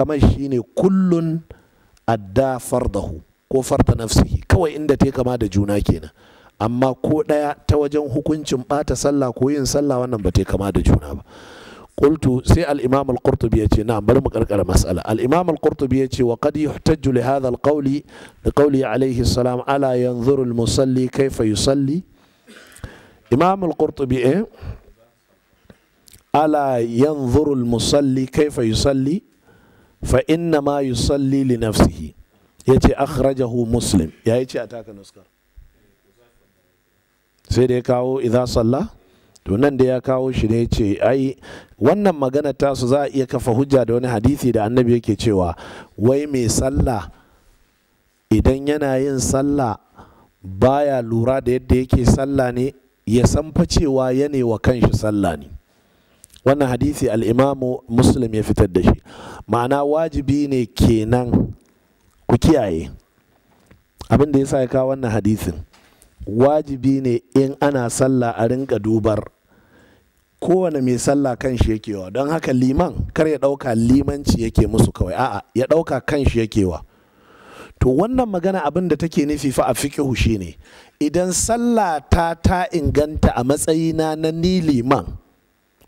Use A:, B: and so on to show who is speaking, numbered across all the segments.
A: kamar shine kullun adda fardahu ko farta nafsihi kawai inda ta kama da juna kenan amma ko ɗaya ta wajen hukuncin ɓata sallah ko yin sallah wannan ba ta kama da juna ba qultu sai al-imam al-qurtubi yace na bari mu karkara mas'ala al-imam al-qurtubi yace wa qad yuhtaju li hadha al-qawli li qawli alayhi salam ala yanzuru al-musalli kayfa yusalli imam al-qurtubi eh ala yanzuru al-musalli kayfa yusalli fa inna ma yusalli li nafsihi yace akhrajahu muslim yayi ce a taka nuskar sai da ya kawo idza salla to nan da ya kawo shi ne ce ai wannan magana su za a iya kafa hujja da wani hadisi da annabi yake cewa wai mai sallah idan yana yin sallah baya lura da yadda yake sallah ne ya san fa cewa ne wa kanshi sallah ne wannan hadisi al'imamu muslim ya fitar da shi ma'ana wajibi ne kenan ku kiyaye abin da ya sa ya kawo wannan hadisin wajibi ne in ana sallah a rinka dubar kowane mai sallah kan shi yake don haka liman kar ya ɗauka limanci yake musu kawai a'a ya ɗauka kan shi yake to wannan magana abin da take nufi fa a shi ne. idan sallah ta ta inganta a matsayina na ni liman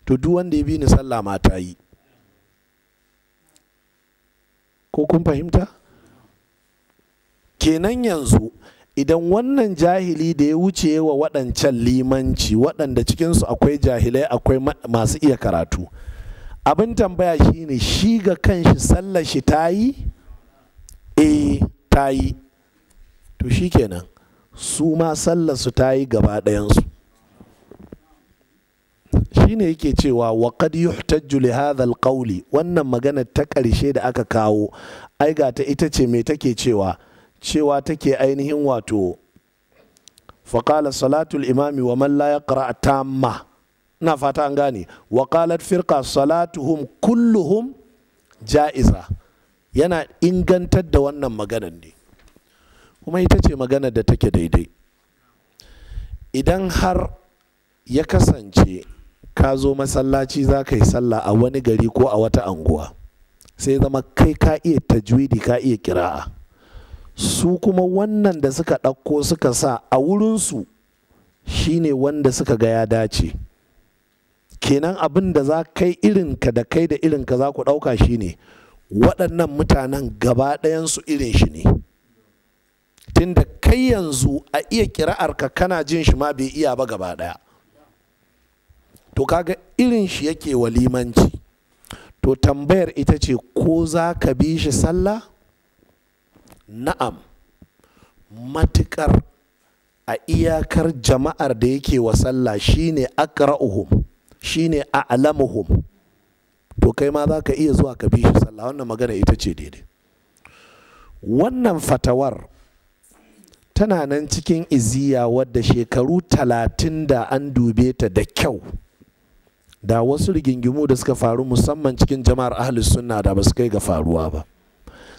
A: to duk wanda ya bi ni sallah ma ta yi ko kun fahimta kenan yanzu idan wannan jahili da ya wuce wa waɗancan limanci waɗanda cikinsu akwai jahilai akwai masu iya karatu abin tambaya shi ne shi ga kanshi sallar shi ta yi e ta yi to shi kenan su ma sallar su ta yi gaba ɗayansu Shi shine yake cewa wa qad yuhtajju li hadha alqawli wannan magana ta ƙarshe da aka kawo ai ga ta ita ce me take cewa cewa take ainihin wato salatu salatul imami wa man la yaqra tamma ina fata an gane wa qalat firqa salatuhum kulluhum ja'iza yana ingantar da wannan maganar ne kuma ita ce maganar da take daidai idan har ya kasance ka zo masallaci za ka yi sallah a wani gari ko a wata anguwa sai zama kai ka iya tajwidi ka iya kira'a su kuma wannan da suka ɗauko suka sa a wurinsu shine wanda suka ga ya dace kenan abin da za kai irinka da kai da irinka za ku ɗauka shine waɗannan mutanen gaba ɗayansu irin shi ne tunda kai yanzu a iya kira'arka kana jin shi ma bai iya ba gaba ɗaya to kaga irin shi yake walimanci to tambayar ita ce ko za ka bi shi sallah na'am matukar a iyakar jama'ar da yake wa sallah shine akra'uhum shine a'lamuhum to kai ma za ka iya zuwa ka bi shi sallah wannan magana ita ce daidai wannan fatawar tana nan cikin iziya wadda shekaru talatin da an dube ta da kyau da wasu rigingimu da suka faru musamman cikin jama'ar ahli sunna da ba su kai ga faruwa ba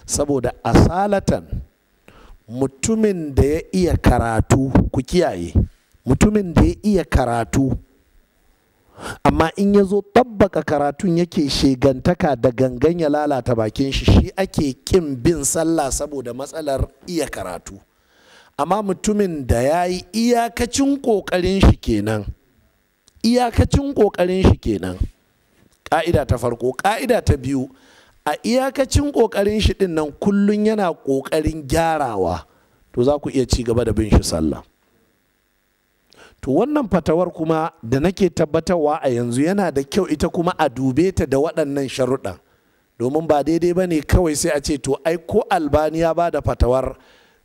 A: saboda asalatan mutumin da ya iya karatu ku kiyaye mutumin da ya iya karatu amma in ya zo tabbaka karatun yake shegantaka da gangan ya lalata bakin shi shi ake kin bin sallah saboda matsalar iya karatu amma mutumin da ya yi iyakacin ƙoƙarin shi kenan iyakacin ƙoƙarin shi kenan ƙa'ida ta farko ƙa'ida ta biyu a iyakacin ƙoƙarin shi ɗin nan kullum yana ƙoƙarin gyarawa to za ku iya ci gaba da bin shi sallah to wannan fatawar kuma da nake tabbatarwa a yanzu yana da kyau ita kuma a dube ta da waɗannan sharuɗan domin ba daidai ba ne kawai sai a ce to ai ko albaniya ba da fatawar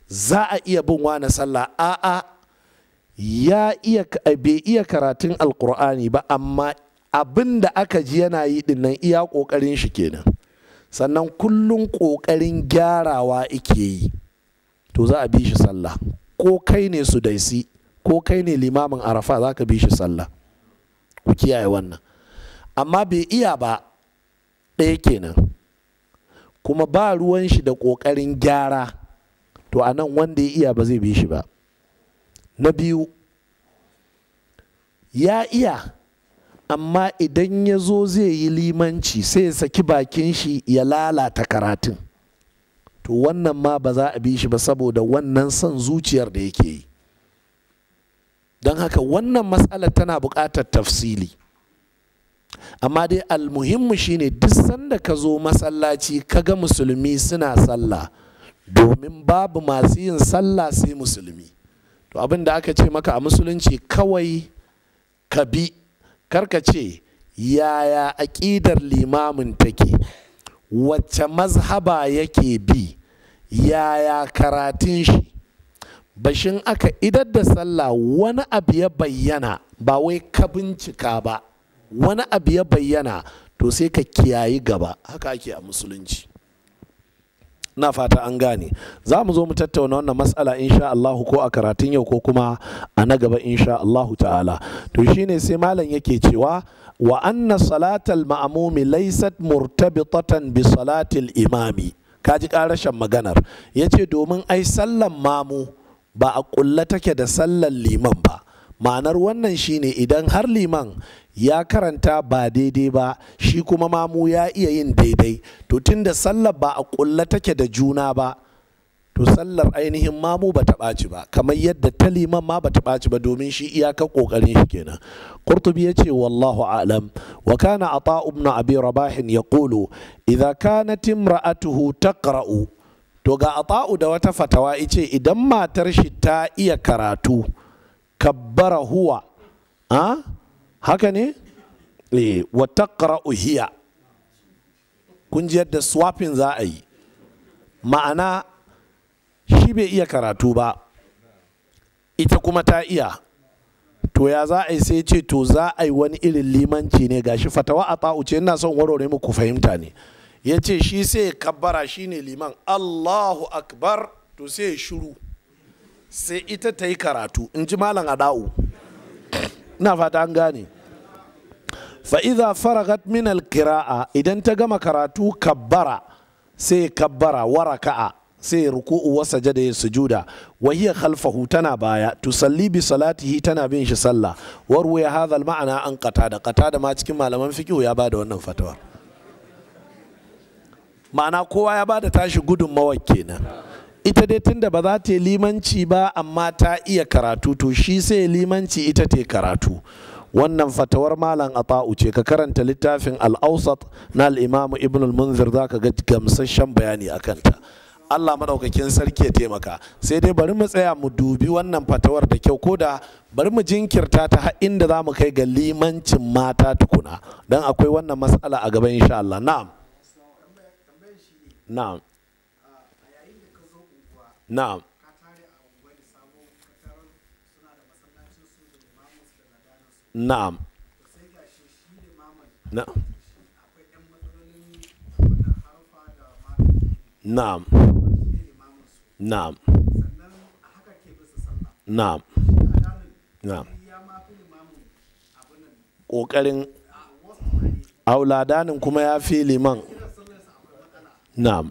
A: za a iya bin wani sallah a'a ya iya eh, bai iya karatun alkur'ani ba amma abin da aka ji yana yi dinnan iya ƙoƙarin shi kenan sannan kullum ƙoƙarin gyarawa ike yi to za a bi shi sallah ko kai ne su daisi ko kai ne limamin arafa za ka bi shi sallah ku kiyaye wannan amma bai iya ba ɗaya kenan kuma ba ruwan shi da ƙoƙarin gyara to a nan wanda ya iya ba zai bi shi ba na biyu ya iya amma idan ya zo zai yi limanci sai ya saki bakin shi ya lalata karatun to wannan ma ba za a bi shi ba saboda wannan son zuciyar da yake yi don haka wannan matsalar tana buƙatar tafsili amma dai almuhimmu shine duk sanda ka zo masallaci kaga musulmi suna sallah domin babu masu yin sallah sai musulmi to abin da aka ce maka a musulunci kawai ka bi karka ce yaya aƙidar limamin take wacce mazhaba yake bi yaya karatun shi bashin aka idar da sallah wani abu ya bayyana ba wai ka bincika ba wani abu ya bayyana to sai ka kiyayi gaba haka ake a musulunci na fata an gane za mu zo mu tattauna wannan matsala insha Allahu ko a karatun yau ko kuma a na gaba insha Allahu ta'ala to shine sai malam yake cewa wa anna salatal ma'mumi laysat murtabitatan bi salatil imami kaji karashin maganar yace domin ai sallan mamu ba a kulla take da sallan liman ba ma'anar wannan shine idan har liman ya karanta ba daidai ba shi kuma mamu ya iya yin daidai to tunda sallar ba a ƙulla take da juna ba to sallar ainihin mamu ba ta ɓaci ba kamar yadda ta liman ma ba ta ɓaci ba domin shi iyaka ƙoƙarin shi kenan qurtubi ya ce wallahu a'lam wa kana ata ibn abi rabahin yaqulu a kanat imra'atuhu taqra'u to ga ata'u da wata fatawa ice idan matar shi ta iya karatu kabbara huwa a ah, haka ne e wa taqra'u hiya kun ji yadda swapping za a yi ma'ana shi bai iya karatu ba ita kuma ta iya to ya za a yi sai ce to za a yi wani irin limanci ne gashi fatawa a ta'uce ina son warware muku fahimta ne ya ce shi sai ya kabbara shi ne liman allahu akbar to sai ya shuru sai ita ta yi karatu in ji malam ada'u ina fata an gane fa'iza faragat min alkira'a idan ta gama karatu kabbara sai kabbara waraka'a sai ruku'u wa sajada ya sujuda wa hiya khalfahu tana baya tusalli bi salatihi tana bin shi sallah waru ya hadha ma'ana an qatada da ma cikin malaman fiqh ya bada wannan fatawa ma'ana kowa ya bada tashi gudun kenan ita dai tunda ba za ta yi limanci ba amma ta iya karatu to shi sai limanci ita ta karatu wannan fatawar malam ata'u ce ka karanta littafin al'ausat na al-imamu ibn al-munzir za ka ga gamsasshen bayani a kanta Allah maɗaukakin sarki ya taimaka sai dai bari mu tsaya mu dubi wannan fatawar da kyau ko da bari mu jinkirta ta har inda za mu kai ga limancin mata tukuna don akwai wannan matsala a gaba insha Allah na'am na'am Na, na, na, na, na, na, na'am ƙoƙarin auladanin kuma ya fi liman na'am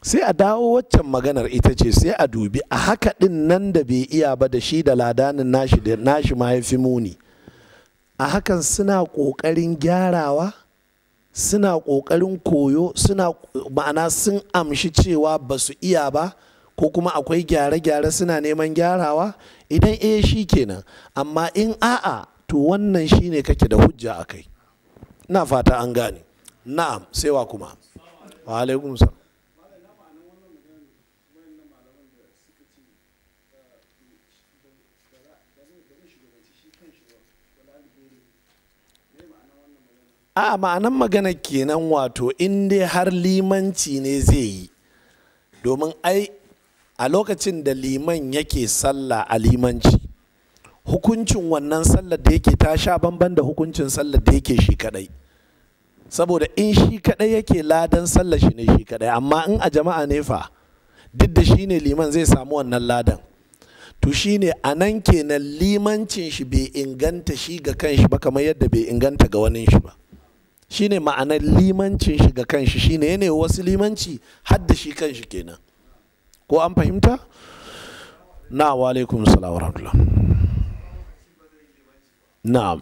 A: sai a dawo waccan maganar ita ce sai a dubi a haka din nan da bai iya ba da shi da ladanin nashi da nashi mahaifi muni a hakan suna ƙoƙarin gyarawa suna ƙoƙarin koyo suna ma'ana sun amshi cewa ba su iya ba ko kuma akwai gyare-gyare suna neman gyarawa idan eh shi kenan amma in a'a to wannan shi ne kake da hujja a kai na fata an gane na'am sai wa kuma wa alaikum salam a ma'anan magana kenan wato in dai har limanci ne zai yi domin ai a lokacin da liman yake sallah a limanci hukuncin wannan sallar da yake ta sha bamban da hukuncin sallar da yake shi kadai saboda in shi kadai yake ladan sallar shi ne shi kadai amma in a jama'a ne fa duk da shi ne liman zai samu wannan ladan to shi ne a nan kenan limancin shi bai inganta shi ga kanshi ba kamar yadda bai inganta ga wani shi ba shine ma'anar limancin shi ga kanshi shine ne wasu limanci har da shi kanshi kenan ko an fahimta na walaikun salawar abdullam Na, na'am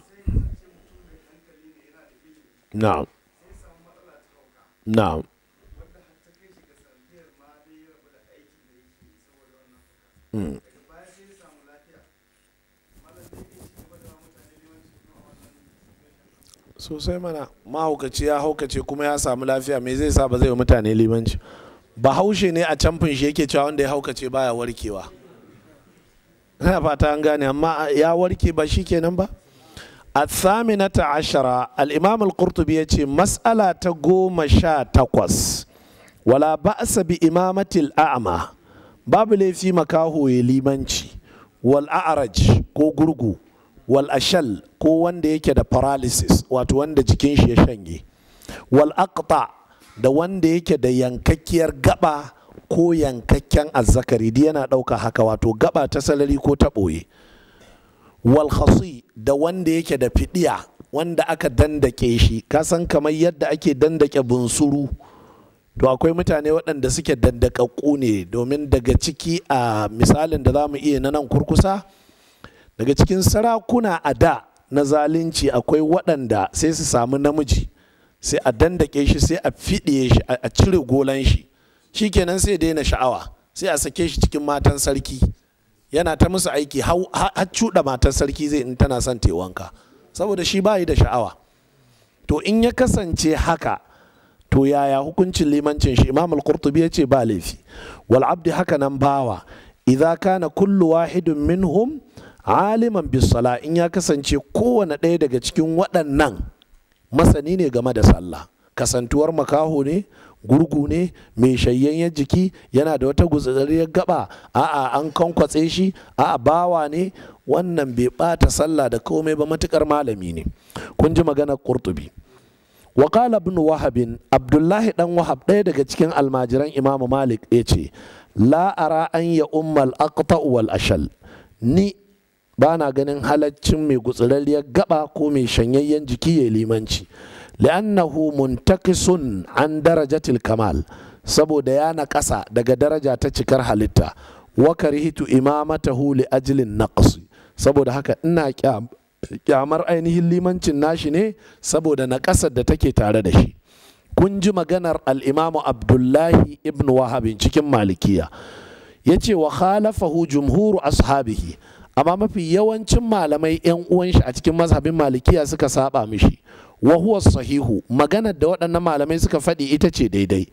A: na'am na'am hmm. sosai mana mahaukaci ya haukace kuma ya samu lafiya me zai sa ba zai wa mutane limanci ba haushe ne a canfin shi yake cewa wanda ya haukace baya warkewa ina fata an gane amma ya warke ba shi kenan ba a Saminata ta ashara al-qurtubi ya ce matsala ta goma sha takwas wala ba asa imamatil a'ama babu laifi makaho ya limanci wal ko gurgu wal ashal ko wanda yake da paralysis wato wanda jikin shi ya shanye wal aqta da wanda yake da yankakkiyar gaba ko yankakken azzakari di yana ɗauka haka wato gaba ta salari ko ta ɓoye wal khasi da wanda yake da fidiya wanda aka dandake shi kasan kamar yadda ake dandake bunsuru to akwai mutane waɗanda suke dandakakku ne domin daga ciki a misalin da zamu iya na nan kurkusa daga cikin sarakuna a da na zalunci akwai waɗanda sai su samu namiji sai a dandake shi sai a fiɗiye shi a cire golan shi shi kenan sai daina sha'awa sai a sake shi cikin matan sarki yana ta musu aiki har cuɗa matan sarki zai in tana son wanka saboda shi bayi da sha'awa to in ya kasance haka to yaya hukuncin limancin shi imam al-qurtubi ya ce ba laifi wal abdi haka nan bawa idza kana kullu wahidun minhum aliman bisala in ya kasance kowane ɗaya daga cikin waɗannan masani ne game da sallah kasantuwar makaho ne gurgu ne mai shayyan jiki yana da wata gutsariyar gaba a'a an kankwatse shi a'a bawa ne wannan bai ɓata sallah da komai ba matukar malami ne kun ji maganar kurtubi. wakala bin wahabin abdullahi dan wahab ɗaya daga cikin almajiran imam malik yace ce la'ara an ya ummal ashal ni ba na ganin halaccin mai gutsurariyar gaba ko mai shanyayyen jiki ya limanci li'annahu muntakisun an darajatil kamal saboda ya naƙasa daga daraja ta cikar halitta wa karhitu imamatahu li ajlin naqs saboda haka ina kyamar ainihin limancin nashi ne saboda naƙasar da take tare da shi kun ji maganar al'imamu abdullahi ibn wahabin cikin malikiya ya ce wa khalafahu jumhuru ashabihi amma mafi yawancin malamai yan uwan shi a cikin mazhabin malikiya suka saba mishi wa huwa sahihu maganar da waɗannan malamai suka faɗi ita ce daidai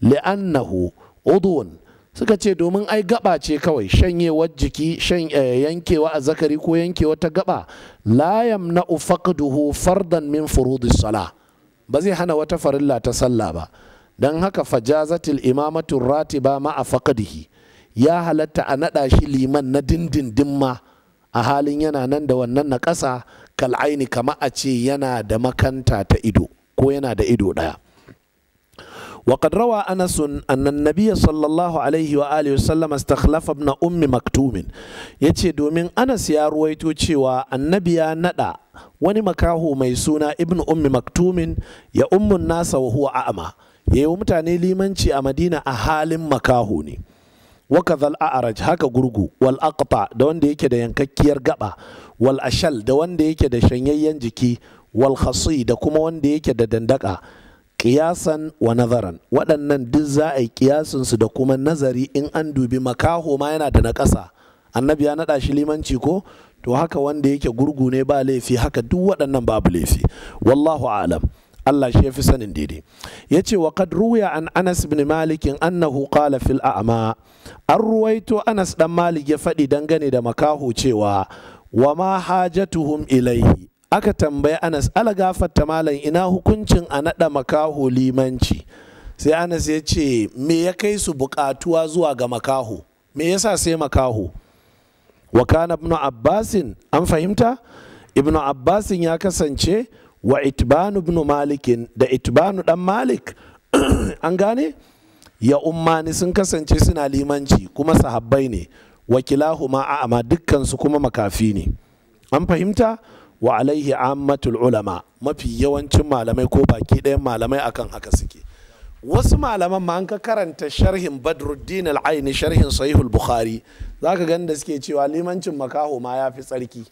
A: li'annahu udun suka ce domin ai gaba ce kawai shanyewar jiki shan eh, yankewa a zakari ko yankewa ta gaba la yamna faqduhu fardan min furudi sala ba zai hana wata farilla ta sallah ba dan haka fajazatil imamatu ratiba a faqdihi ya halatta a nada shi liman na dindindin ma A halin yana nan da wannan na ƙasa, kal'aini kama ace yana da makanta ta ido ko yana da ido ɗaya? Waƙarrawan Anasun Ananabiya sallallahu alaihi wa'alihi wa sallamastaklafabna Ummi Maktumin yace domin Anas ya ruwaito cewa Annabiya naɗa wani makaho mai suna Ibn Ummi Maktumin ya ummun nasa huwa a'ama. Hewa mutane limanci a madina a halin makaho ne. wakazal araj haka gurgu wal aqta da wanda yake da yankakkiyar gaba wal ashal da wanda yake da shanyayyen jiki wal khasi da kuma wanda yake da dandaka kiyasan wa nazaran waɗannan duk za a yi kiyasin su da kuma nazari in an dubi makaho ma yana da naƙasa annabi ya naɗa shi limanci ko to haka wanda yake gurgu ne ba laifi haka duk waɗannan babu laifi wallahu alam Allah shi fi sanin daidai ce wa kad ruya an Anas bin Malik annahu qala fil a'ma an ruwaito Anas dan Malik ya faɗi dangane da makaho cewa wa ma hajatuhum ilaihi aka tambayi Anas ala gafarta malam ina hukuncin a naɗa makaho limanci sai Anas ya ce me ya kai su buƙatuwa zuwa ga makaho me yasa sai makaho wa kana ibn Abbasin an fahimta ibn Abbasin ya kasance wa itbanu ibn malikin da itbanu dan malik an gane ya ummani sun kasance suna limanci kuma sahabbai ne wakilahuma a amma dukkansu kuma makafi ne an fahimta wa alaihi ammatul ulama mafi yawancin malamai ko baki ɗayan malamai akan haka suke wasu malaman ma an ka karanta sharhin badruddin al-aini sharhin sahihul bukhari zaka ganin da suke cewa limancin makaho ma ya fi tsarki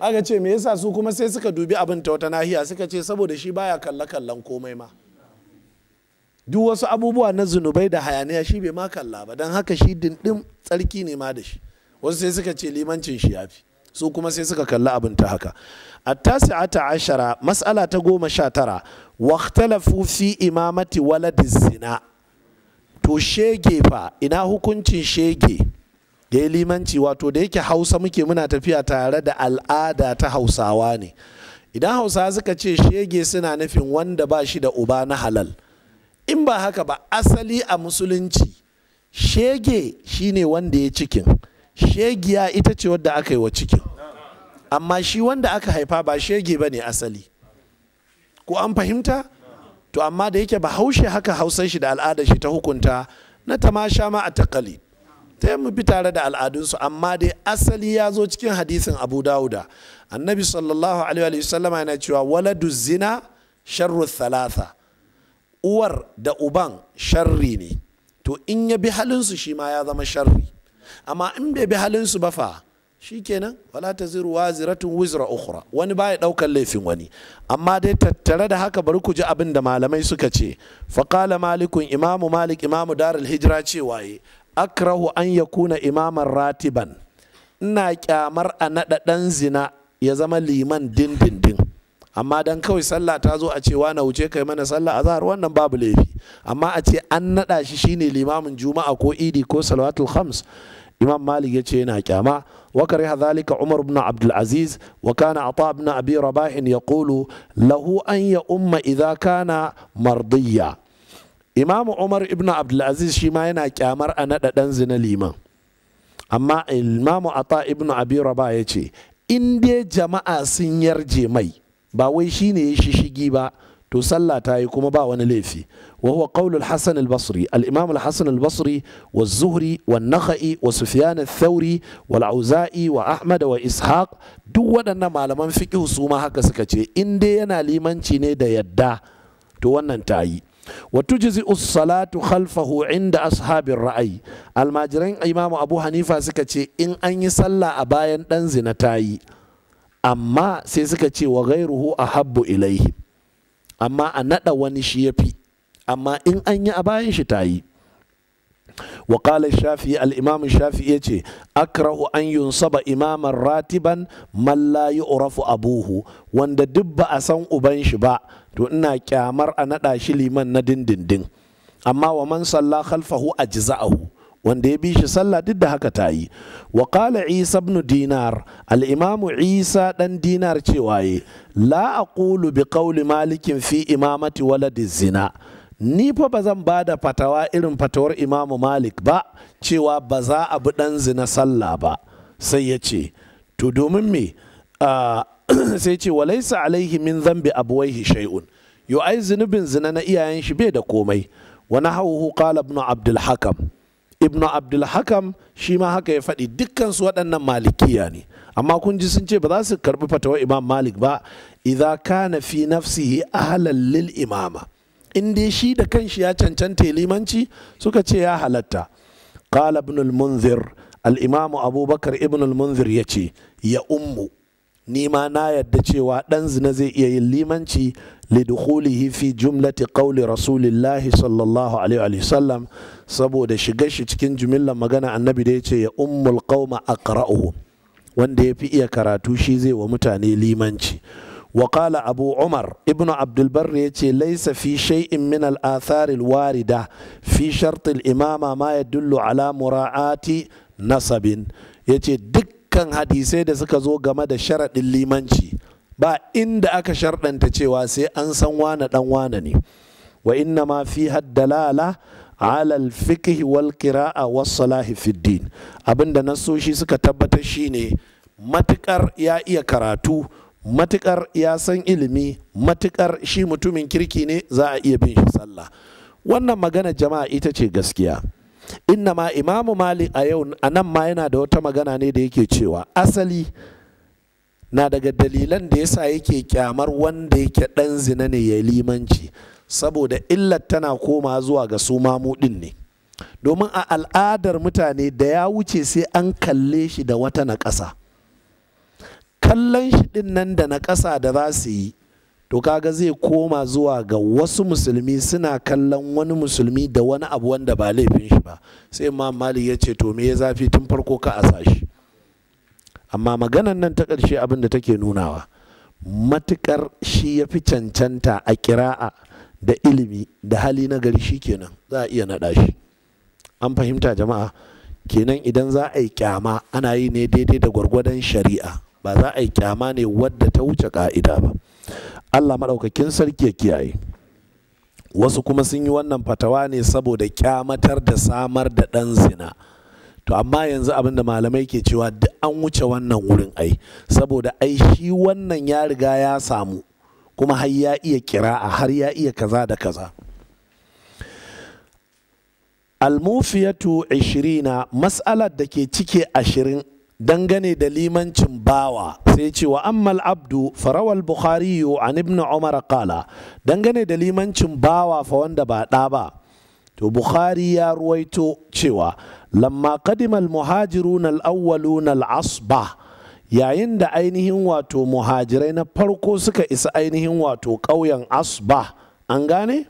A: aka ce me yasa su kuma sai suka dubi abin ta wata nahiya suka ce saboda shi baya kalle kallon komai ma duk wasu abubuwa na zunubai da hayaniya shi bai ma kalla ba don haka shi dindin tsarki ne ma da shi wasu sai suka ce limancin shi yafi su kuma sai suka kalla abin ta haka tasa'a ta ashara mas'ala ta goma sha tara waqtalafu fufi imamati waladiz zina to shege fa ina hukuncin shege da ya limanci wato da yake hausa muke muna tafiya tare da al'ada ta hausawa ne idan hausawa suka ce shege suna nufin wanda ba shi da uba na halal in ba haka ba asali a musulunci shege shi ne wanda ya cikin shegiya ita ce wadda aka yi wa cikin amma shi wanda aka haifa ba shege ba ne asali ko an fahimta to amma da yake haushe haka hausar shi da al'adar shi ta hukunta na tamasha ma a takali. ta mu bi tare da al'adunsu amma dai asali ya zo cikin hadisin abu dawuda annabi sallallahu alaihi wasallama yana cewa waladu zina sharru thalatha uwar da uban sharri ne to in ya bi halinsu shi ma ya zama sharri amma in bai bi halinsu ba fa shi kenan wala taziru waziratun wizra ukhra wani ba ya ɗaukar laifin wani amma dai tattare da haka bari ku ji abin da malamai suka ce fa malikun imamu malik imamu darul hijra ce waye akrahu an kuna imaman ratiban ina kyamar a naɗa ɗan zina ya zama liman dindindin amma dan kawai sallah ta zo a ce na wuce kai mana sallah azhar wannan babu laifi amma a ce an naɗa shi shine limamin juma'a ko idi ko salawatul khams imam malik ya ce yana kyama wa kariha zalika umar ibn abdul aziz wa kana ata ibn abi rabah yaqulu lahu an ya umma idza kana mardiya imamu umar ibn abdulaziz shi ma yana kyamar a naɗa ɗan zina liman amma imamu ata ibn abi raba ya ce in dai jama'a sun yarje mai ba wai shi ne ya shishigi ba to sallah ta yi kuma ba wani laifi wa huwa Hassan hasan al-basri al-imam al-hasan al-basri wa zuhri wa nakhai wa sufyan al wa al-auza'i wa ahmad wa ishaq duk waɗannan malaman fiqh su ma haka suka ce in dai yana limanci ne da yadda to wannan ta yi Wa tujuzi usalatu kalfa huɗun da asabin ra'ayi, almajirai a Imam Abu Hanifa suka ce in anyi sallah bayan ɗan zina ta amma sai suka ce wa gairu hu a amma a naɗa wani shi ya amma in anyi a bayan shi ta yi. Waƙalan shafi'a al'imamin shafi yace Akrahu an yunsaba yunsa imamar ratiban man layi urafu abuhu wanda duk ba a san uban shi ba. to ina kyamar a naɗa shi liman na dindindin amma wa man salla khalfahu ajza'ahu wanda ya bi shi sallah duk da haka ta yi wa qala isa ibn dinar al-imam isa dan dinar cewa ye la aqulu bi qawli malikin fi imamati waladi zina ni fa ba zan ba da fatawa irin fatawar imam malik ba cewa ba za a bi dan zina sallah ba sai ya ce to domin me ah, sai ce walaisa alaihi min zambi abuwaihi shay'un yo ai zunubin zina na iyayen shi bai da komai wani hauhu qala ibnu abdul hakam ibnu abdul hakam shi ma haka ya faɗi dukkan su waɗannan malikiya ne amma kun ji sun ce ba za su karɓi fatawa imam malik ba idza kana fi nafsihi ahlan lil imama in dai shi da kanshi ya cancanta limanci suka ce ya halatta qala ibn al munzir al imam abubakar ibn al munzir yace ya ummu ni ma na yadda cewa ɗan zina zai iya yin limanci lidkhulihi fi jumlati qawli rasulillahi sallallahu alaihi wa sallam saboda shiga shi cikin jumillar magana annabi da yace ya ummul qauma akra'u wanda yafi iya karatu shi zai wa mutane limanci Abu Umar وقال أبو عمر ابن عبد fi shay'in min في شيء من warida fi في شرط الإمامة ما يدل ala mura'ati ya yace duk. dukkan hadisai da suka zo game da sharaɗin limanci ba inda aka sharɗanta cewa sai an san wane ɗan wane ne wa inna ma fi haddalala alal alfiqh wal qira'a was salahi fi din abinda nasoshi suka tabbatar shine matukar ya iya karatu matukar ya san ilimi matukar shi mutumin kirki ne za a iya bin shi sallah wannan magana jama'a ita ce gaskiya inna ma imamu malik a yau a nan ma yana da wata magana ne da yake cewa asali na daga dalilan da yasa yake kyamar wanda yake ɗan zina ne ya limanci saboda illar tana koma zuwa ga su mamudin ne domin a al'adar mutane da ya wuce sai an kalle shi da wata na ƙasa kallon shi din nan da na ƙasa da za su yi to kaga zai koma zuwa ga wasu musulmi suna kallon wani musulmi da wani abu wanda ba laifin shi ba sai imam mali ya ce to me ya zafi tun farko ka asa shi amma maganan nan ta ƙarshe abin da take nunawa matuƙar shi ya fi cancanta a kiraa da ilimi da hali na gari shi kenan za a iya naɗa shi an fahimta jama'a kenan idan za a yi kyama ana yi ne daidai da gwargwadon shari'a ba za a yi kyama ne wadda ta wuce ka'ida ba allah maɗaukakin sarki ya kiyaye wasu kuma sun yi wannan fatawa ne saboda kyamatar da samar da ɗan zina to amma yanzu abinda malamai ke cewa duk an wuce wannan wurin ai saboda ai shi wannan ya riga ya samu kuma har ya iya kira a har ya iya kaza da kaza almufiyatu 20 mas'alar da ke cike ashirin dangane da limancin bawa sai ce wa ammal abdu farawal bukhari an ibn umar qala dangane da limancin bawa fa wanda ba ɗa ba to bukhari ya ruwaito cewa lamma kadimal muhajirun al-awwalun al-asba yayin da ainihin wato muhajirai na farko suka isa ainihin wato ƙauyen asba an gane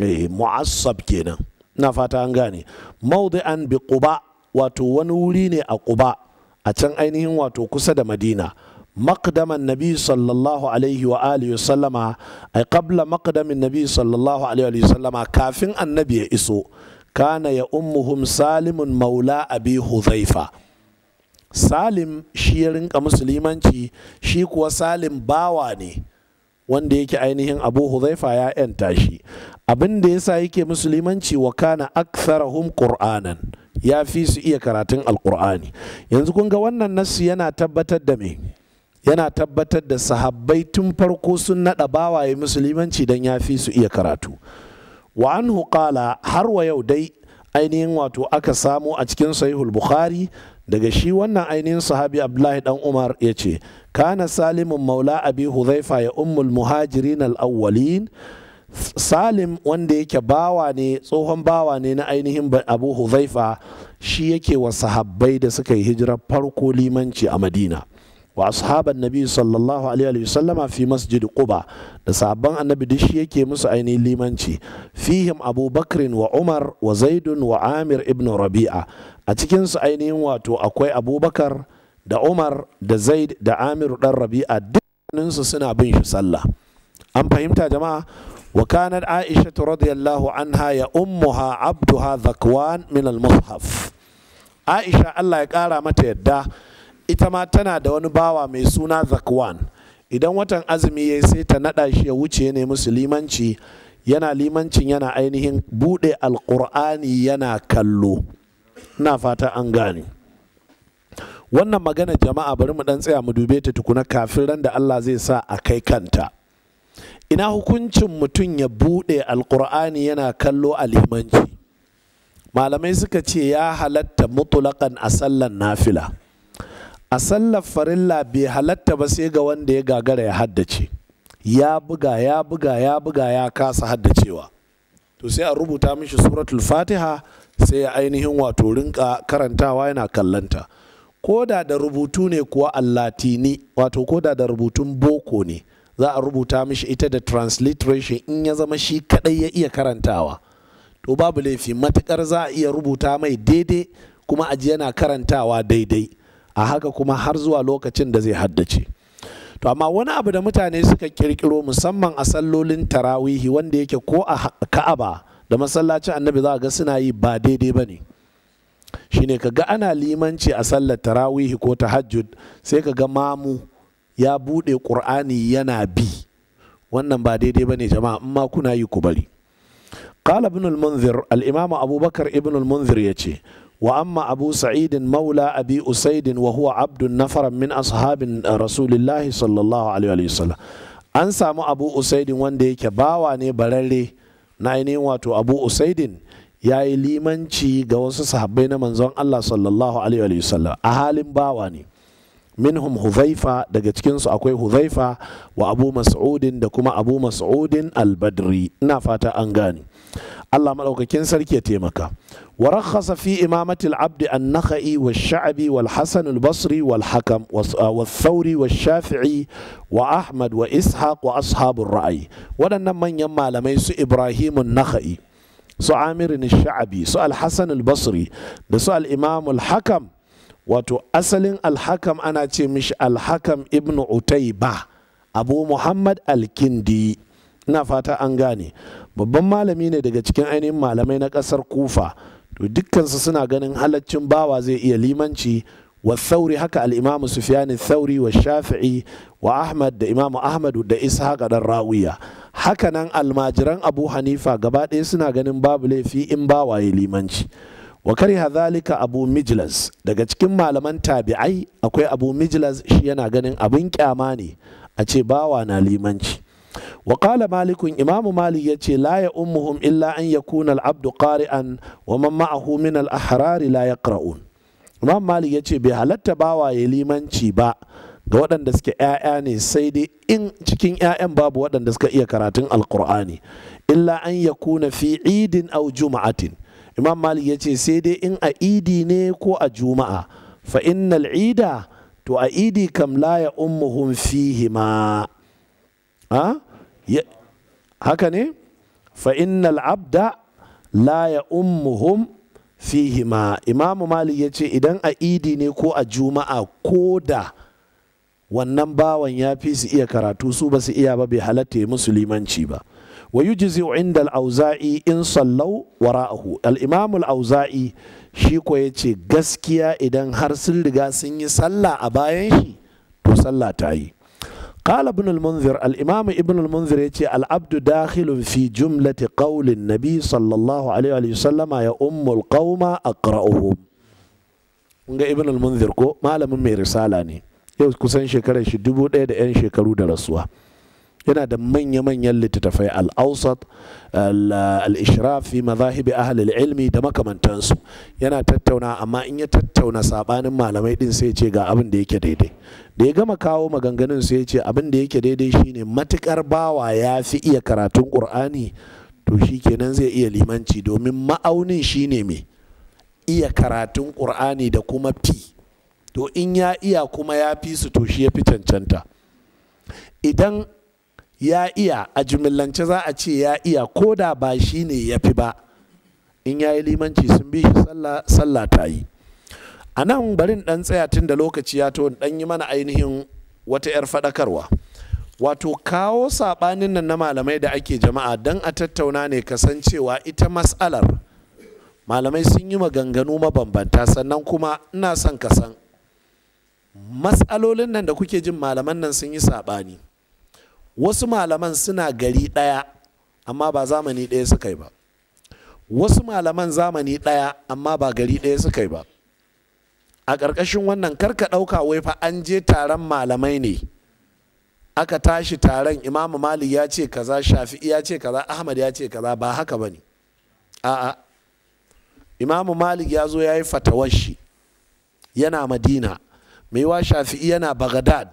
A: eh mu'assab kenan na fata an gane mawdi'an bi quba wato wani wuri ne a ƙuba. a can ainihin wato kusa da madina makdaman nabi sallallahu alaihi wa alihi wa sallama ai qabla makdamin nabi sallallahu alaihi wa sallama kafin annabi ya iso kana ya ummuhum salim maula abi hudhaifa salim shi rinka musulmanci shi kuwa salim bawa ne wanda yake ainihin abu hudhaifa ya yanta shi abinda yasa yake musulmanci wa kana aktharuhum qur'anan ya fi su iya karatun alkur'ani yanzu kun ga wannan nasu yana tabbatar da me yana tabbatar da sahabbai tun farko sun naɗa bawaye musulmanci don ya fi su iya karatu wa anhu qala har wa yau dai ainihin wato aka samu a cikin sahihul bukhari daga shi wannan ainihin sahabi abdullahi dan umar ya ce kana salimun maula abi huzaifa ya ummul muhajirin al-awwalin salim wanda yake bawa ne tsohon bawa ne na ainihin abu huzaifa shi yake wa sahabbai da suka yi hijirar farko limanci a madina wa ashaban nabi sallallahu alaihi wa sallama fi masjid quba da sabon annabi duk shi yake musu ainihin limanci fihim abubakrin wa umar wa zaidun wa amir ibn rabi'a a cikinsu ainihin wato akwai abubakar da umar da zaid da amir dan rabi'a dukkaninsu suna bin shi sallah an fahimta jama'a wa kanar aisha radiyallahu anha ya ummuha abduha zakwan min al-mushaf aisha Allah ya kara mata yadda ita ma tana da wani bawa mai suna zakwan idan watan azumi ya sai ta nada shi ya wuce ne musu limanci yana limancin yana ainihin bude alkur'ani yana kallo na fata an gane wannan magana jama'a bari mu dan tsaya mu dube ta tukuna kafin randa Allah zai sa a kai kanta ina hukuncin mutum ya buɗe Alƙur'ani yana kallo al'imanci? malamai suka ce ya halatta mutulakan a sallan nafila a sallar farilla bai halatta ba sai ga wanda ya gagara ya haddace ya buga ya buga ya buga ya kasa haddacewa to sai a rubuta mishi suratul fatiha sai ya ainihin wato rinka karantawa yana kallanta koda da rubutu ne kuwa allatini wato da da rubutun boko ne za a rubuta mishi ita da transliteration in ya zama shi kadai ya iya karantawa to babu laifi matukar za a iya rubuta mai daidai kuma aji yana karantawa daidai a haka kuma har zuwa lokacin da zai haddace to amma wani abu da mutane suka kirkiro musamman a sallolin tarawihi wanda yake ko a ka'aba da masallacin annabi za a ga suna yi ba daidai ba ne shine ka ga ana limanci a sallar tarawihi ko tahajjud sai ka ga mamu ya buɗe ƙur'ani yana bi wannan ba daidai ba ne jama'a in kuna yi ku bari قال ابن المنذر Abubakar أبو ya ce wa amma Abu أبو Maula abi أبي أسيد وهو عبد نفر من أصحاب رسول الله صلى الله an samu abu usaidin wanda yake bawa ne bararre na ainihin wato abu usaidin ya yi limanci ga wasu sahabbai na manzon allah sallallahu alaihi wasallam a halin bawa ne min minhum huzaifa daga cikinsu akwai huzaifa wa abu mas'udin da kuma abu mas'udin albadri ina fata an gane Allah maɗaukakin sarki ya taimaka wa rakhasa fi imamati al-abd an-nakhai wa sha'bi wal basri walhakam hakam wa thawri wa shafi'i wa ahmad wa ishaq wa ashabur ra'i waɗannan manyan malamai su ibrahim an su amir al su al basri da su al-imam hakam wato asalin alhakam ana ce mishi alhakam ibn utaiba abu muhammad alkindi ina fata an gane babban malami ne daga cikin ainihin malamai na kasar kufa to dukkansu suna ganin halaccin bawa zai iya limanci wa sauri haka al'imamu sufyanin sauri wa shafi'i wa ahmad da imamu ahmadu da ishaq dan rawiya nan almajiran abu hanifa gaba ɗaya suna ganin babu laifi in bawa ya limanci wa kariha zalika abu mijlas daga cikin malaman tabi'ai akwai abu mijlas shi yana ganin abin kyama ne a ce bawa na limanci wa qala malikun imamu ya ce la ya ummuhum illa an yakuna al-abdu qari'an wa man ma'ahu min al-ahrari la yaqra'un imam ya ce bai halatta bawa ya limanci ba ga waɗanda suke 'ya'ya ne sai dai in cikin 'ya'yan babu waɗanda suka iya karatun alkur'ani illa an ya kuna fi idin au juma'atin imam malik ya ce sai dai in a idi ne ko a juma'a fa innal ida to a idi kam la ya ummuhum fihima ha haka ne fa innal abda la ya ummuhum ma imamu malik ya ce idan a idi ne ko a juma'a ko da wannan bawan ya fi su iya karatu su ba su iya ba bai halatta musulmanci ba ويجزي عند الأوزاعي إن صلوا وراءه الإمام الأوزاعي shi ko ce gaskiya idan har sun riga sun yi sallah a bayan shi to sallah ta yi qala ibn munzir al-imam munzir yace al-abd dakhilun fi jumlati qawlin nabi sallallahu alaihi wa sallam ya ummu al-qauma aqra'uhum ga ibn munzir ko malamin mai risala ne yau kusan shekara shi dubu ɗaya da yan shekaru da rasuwa yana da manya-manyan littattafai al-ausat fi mazahibi ahlul ilmi da makamantansu yana tattauna amma in ya tattauna sabanin malamai din sai ce ga abin da yake daidai da ya gama kawo maganganun sai ce abin da yake daidai shine matukar bawa ya fi iya karatun qur'ani to shi kenan zai iya limanci domin ma'aunin shine me iya karatun qur'ani da kuma fi to in ya iya kuma ya fi su to shi ya fi cancanta idan ya iya a jimillance za a ce ya iya ko da ba shi ne ya fi ba in ya yi limanci sun bi shi sallah ta yi a nan barin ɗan tsaya tun da lokaci ya to ɗan yi mana ainihin wata 'yar faɗakarwa wato kawo saɓanin nan na malamai da ake jama'a don a tattauna ne kasancewa ita matsalar malamai sun yi maganganu mabambanta sannan kuma ina son kasan matsalolin nan da kuke jin malaman nan sun yi saɓani wasu malaman suna gari ɗaya amma ba zamani ɗaya suka yi ba wasu malaman zamani ɗaya amma ba gari ɗaya suka yi ba a ƙarƙashin wannan karka ɗauka wai fa an je taron malamai ne aka tashi taron imamu malik ya ce kaza shafi'i ya ce kaza ahmad ya ce kaza ba haka ba ne a'a imamu malik ya zo ya yi fatawar shi yana madina wa shafi'i yana Bagadad.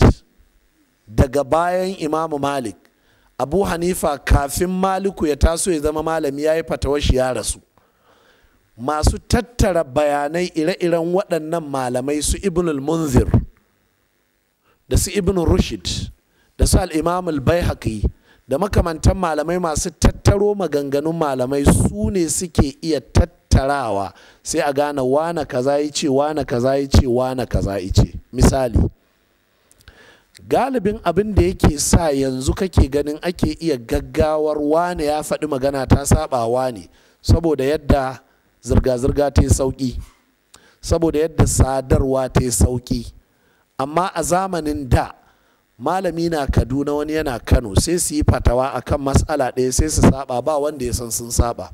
A: daga bayan imamu malik abu hanifa kafin maliku ya taso ya zama malami ya yi fatawashi ya rasu masu tattara bayanai ire-iren waɗannan malamai su ibnul munzir da su ibnul rushid da su al'imamul baihaqi da makamantan malamai masu tattaro maganganun malamai su ne suke iya tattarawa sai a gane wane kaza ya ce wane kaza ya ce wane kaza ya ce misali galibin abin da yake sa yanzu kake ganin ake iya gaggawar wane ya faɗi magana ta saba wane saboda yadda zirga-zirga ta yi sauƙi saboda yadda sadarwa ta yi sauƙi amma a zamanin da malami na kaduna wani yana kano sai su yi fatawa a kan matsala ɗaya sai su saba ba wanda ya san sun saba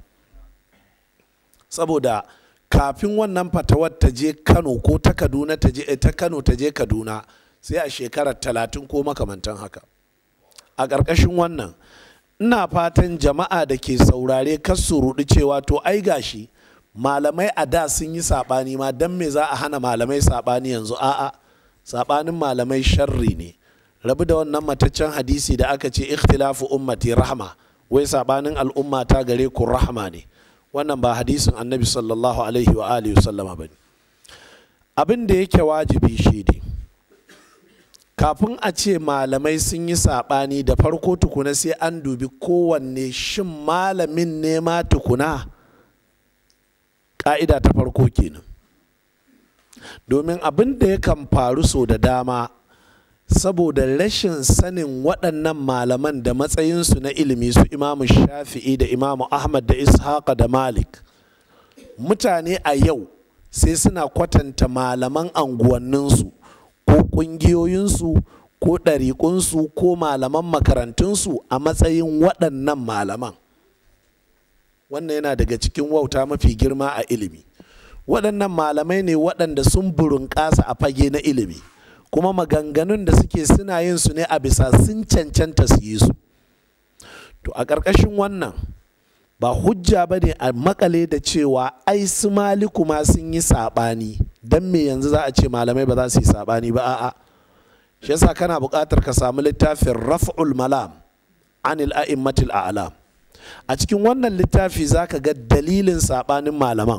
A: saboda kafin wannan fatawar ta je kano ko ta kaduna eh, kano ta je kaduna sai a shekarar talatin ko makamantan haka a ƙarƙashin wannan ina fatan jama'a da ke saurare kar su cewa to ai gashi malamai a da sun yi saɓani ma don me za a hana malamai saɓani yanzu a'a saɓanin malamai sharri ne rabu da wannan mataccen hadisi da aka ce ikhtilafu ummati rahma wai saɓanin al'umma ta gare ku rahma ne wannan ba hadisin annabi sallallahu alaihi wa alihi wasallama ba ne abin da yake wajibi shi ne kafin a ce malamai sun yi saɓani da farko tukuna sai an dubi kowanne shin malamin nema tukuna ƙa'ida ta farko kenan domin abin da ya kan faru so da dama saboda rashin sanin waɗannan malaman da matsayinsu na ilimi su imamu shafi'i da imamu ahmad da ishaqa da malik mutane a yau sai suna kwatanta malaman anguwanninsu ko ƙungiyoyinsu ko ɗariƙunsu ko malaman makarantunsu a matsayin waɗannan malaman wannan yana daga cikin wauta mafi girma a ilimi waɗannan malamai ne waɗanda sun burunƙasa a fage na ilimi kuma maganganun da suke suna yin su ne a bisa sun cancanta su yi su to a ƙarƙashin wannan ba hujja ba ne a makale da cewa ai su maliku ma sun yi saɓani don me yanzu za a ce malamai ba za su yi saɓani ba a'a shi yasa kana buƙatar ka samu littafin raf'ul malam anil a'immatil a'lam a cikin wannan littafi za ka ga dalilin saɓanin malaman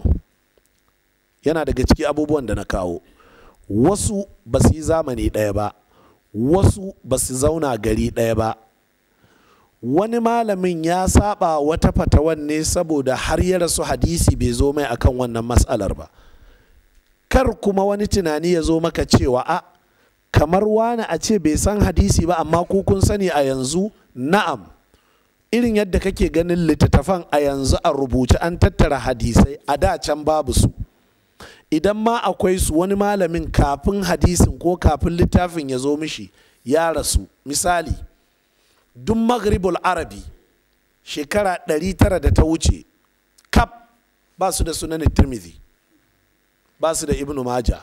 A: yana daga ciki abubuwan da na kawo wasu ba su yi zamani ɗaya ba wasu ba su zauna gari ɗaya ba wani malamin ya saba wata fatawan ne saboda har ya rasu hadisi bai zo mai akan wannan matsalar ba kar kuma wani tunani ya zo maka cewa a kamar wani a ce bai san hadisi ba amma ku kun sani a yanzu na'am irin yadda kake ganin littattafan a yanzu a rubuce an tattara hadisai a da can babu su idan ma akwai su wani malamin kafin hadisin ko kafin littafin ya zo mishi ya rasu misali duk magribul arabi shekara 900 da ta wuce kap ba su da sunan tirmidhi ba su da ibnu maja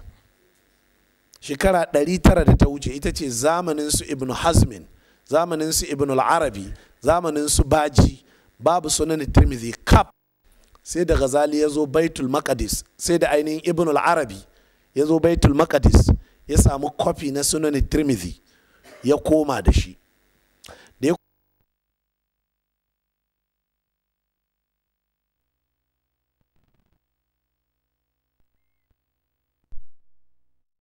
A: shekara 900 da ta wuce ita ce zamanin su ibnu hazmin zamanin su ibnu arabi zamanin su baji babu sunan tirmidhi kap sai da ghazali ya zo baitul maqdis sai da ainihin ibnu arabi ya zo baitul maqdis ya samu kwafi na sunan tirmidhi ya koma da shi